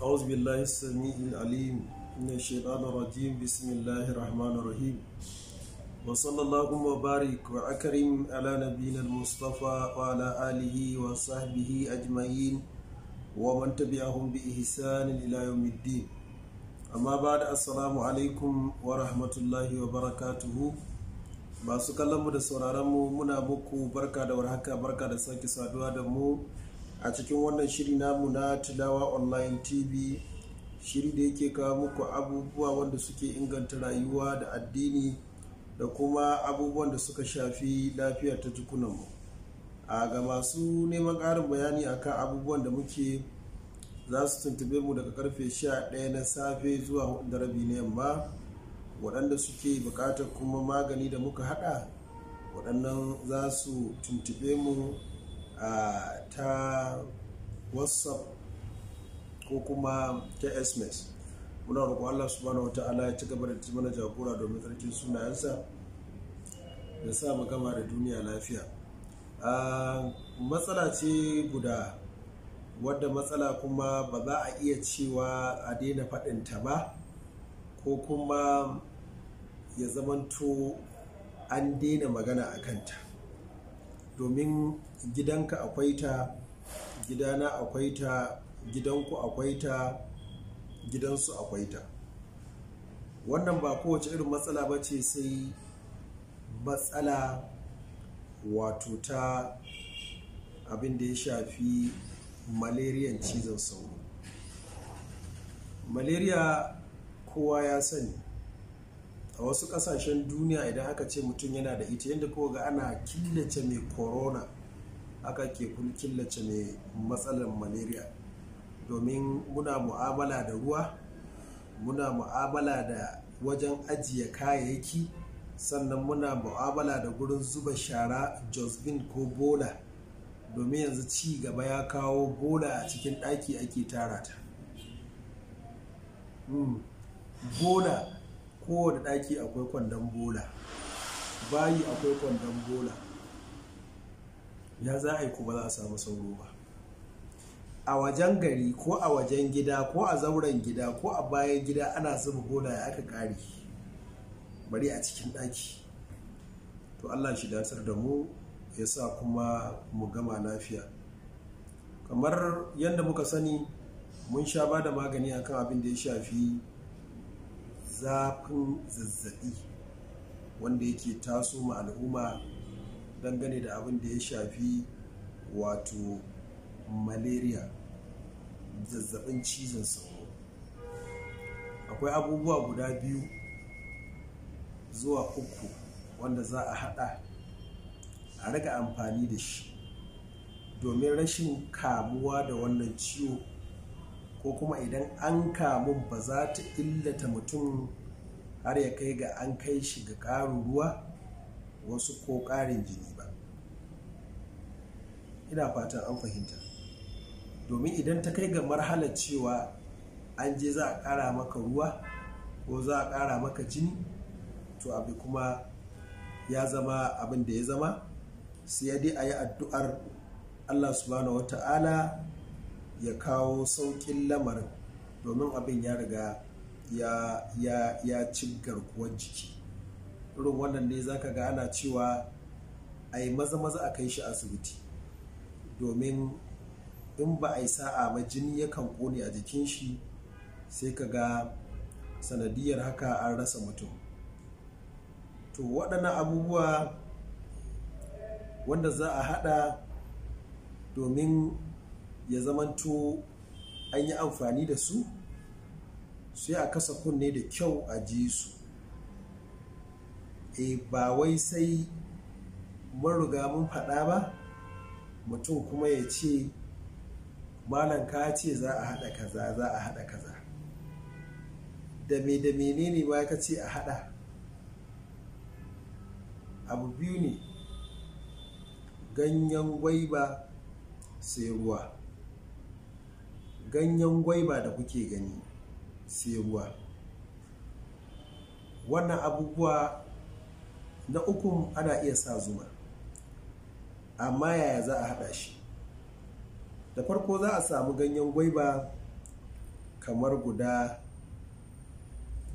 أعوذ بالله السميع العليم من الشيطان الرجيم بسم الله الرحمن الرحيم وصلى الله وبارك وأكرم على نبينا المصطفى وعلى آله وصحبه أجمعين ومن تبعهم بإحسان إلى يوم الدين أما بعد السلام عليكم ورحمة الله وبركاته masu kallonmu da sauraronmu muna muku barka da warhaka barka da sake saduwa da mu a cikin wannan shiri namu na tilawa online tv shiri da yake kawo muku abubuwa wanda suke inganta rayuwa da addini da kuma abubuwan da suka shafi lafiya ta jikunanmu a ga masu neman ƙarin bayani akan abubuwan da muke za su tuntube mu daga karfe 11 na safe zuwa darabi rabi na yamma waɗanda suke buƙatar kuma magani da muka haɗa waɗannan za su tuntube mu ta whatsapp ko kuma ta sms muna roƙo allah subhanahu wa ta'ala ya ci gaba da ci mana jagora domin sarkin sunayensa da sa mu gama da duniya lafiya matsala ce guda wadda matsala kuma ba za a iya cewa a daina faɗinta ba ko kuma ya zamanto an daina magana a kanta domin gidanka akwai ta gidana akwai ta gidanku akwai ta gidansu akwai ta wannan ba kowace irin matsala ba ce sai matsala wato ta abin da ya shafi malariyan cizon sauro malaria kowa ya sani a wasu kasashen duniya idan aka ce mutum yana da ita yadda kowa ga ana killace mai corona aka ke killace mai matsalar malaria domin muna mu'amala da ruwa muna mu'amala da wajen ajiye kayayyaki sannan muna mu'amala da gurin zuba shara josbin ko bola domin yanzu ci gaba ya kawo bola a cikin ɗaki ake tara ta hmm, bola kowane ɗaki akwai kwandon bola bayi akwai kwandon bola ya za a yi ko ba za a samu sauro ba a wajen gari ko a wajen gida ko a zauren gida ko a bayan gida ana zuba bola ya aka kare bari a cikin ɗaki to allah shi datar da mu ya sa kuma mu gama lafiya kamar yadda muka sani mun sha ba da magani akan abin da ya shafi zafin zazzaɓi wanda yake taso ma al'umma dangane da abin da ya shafi wato malaria zazzabin cizon sauro akwai abubuwa guda biyu zuwa uku wanda za a haɗa a riga amfani da shi domin rashin kamuwa da wannan ciwo ko kuma idan an kamu ba za ta illata mutum har ya kai ga an kai shi ga ƙarin ruwa wasu ko ƙarin jini ba ina fatan an fahimta domin idan ta kai ga marhalar cewa an je za a ƙara maka ruwa ko za a ƙara maka jini to abu kuma ya zama abin da ya zama sai dai a yi addu'ar allah subhanahu wa ta'ala ya kawo saukin lamarin domin abin ya riga ya, ci garkuwar jiki irin wannan ne zaka ga ana cewa a yi maza-maza a kai shi asibiti domin in ba a yi sa'a ma jini yakan kone a jikin shi sai ka ga sanadiyar haka an rasa mutum to waɗannan abubuwa wanda za a haɗa domin ya zamanto an yi amfani da su sai a kasa kunne da kyau a ji su e ba wai sai maruga mun faɗa ba mutum kuma ya ce malam ka ce za a haɗa kaza za a haɗa kaza da me da menene ba ka ce a haɗa abu biyu ne ganyen gwaiba sai ruwa ganyen gwaiba da kuke gani sai ruwa wannan abubuwa na uku ana iya sa zuma amma yaya za a haɗa shi da farko za a samu ganyen gwaiba kamar guda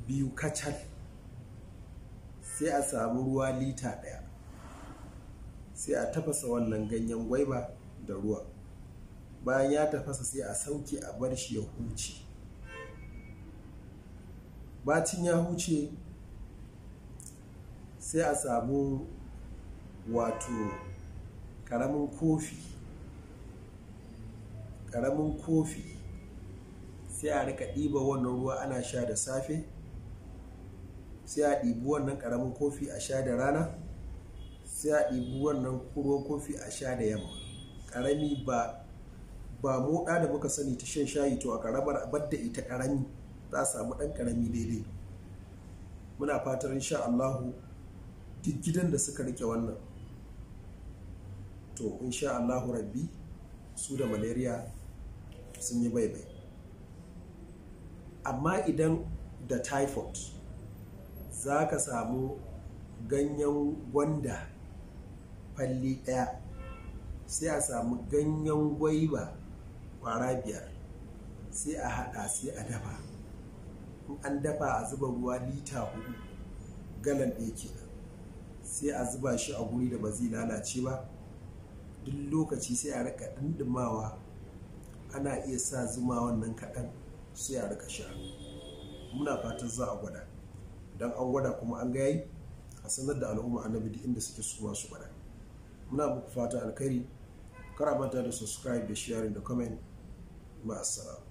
biyu kacal sai a samu ruwa lita ɗaya sai a tafasa wannan ganyen gwaiba da ruwa. bayan ya tafasa sai a sauke a bar shi ya huce bacin ya huce sai a samu wato karamin kofi karamin kofi sai a rika ɗiba wannan ruwa ana sha da safe sai a ɗibi wannan karamin kofi a sha da rana sai a ɗibi wannan ruwan kofi a sha da yamma karami ba ba moɗa da muka sani ta shan shayi to a karamar abar da ita karami za a samu ɗan karami daidai muna fatar insha Allahu duk gidan da suka rike wannan to insha Allahu rabbi su da malaria sun yi baibai amma idan da typhoid za ka samu ganyen gwanda falli ɗaya sai a samu ganyen gwaiba kwara biyar sai a haɗa sai a dafa in an dafa a zuba ruwa lita hudu galan ɗaya ke sai a zuba shi a guri da ba zai lalace ba duk lokaci sai a rika ɗinɗimawa ana iya sa zuma wannan kaɗan sai a rika sha muna fatan za a gwada don an gwada kuma an ga yayi a sanar da al'umma annabi duk inda suke su masu gwada muna muku fata alkhairi a manta da subscribe da sharing da comment مع السلامه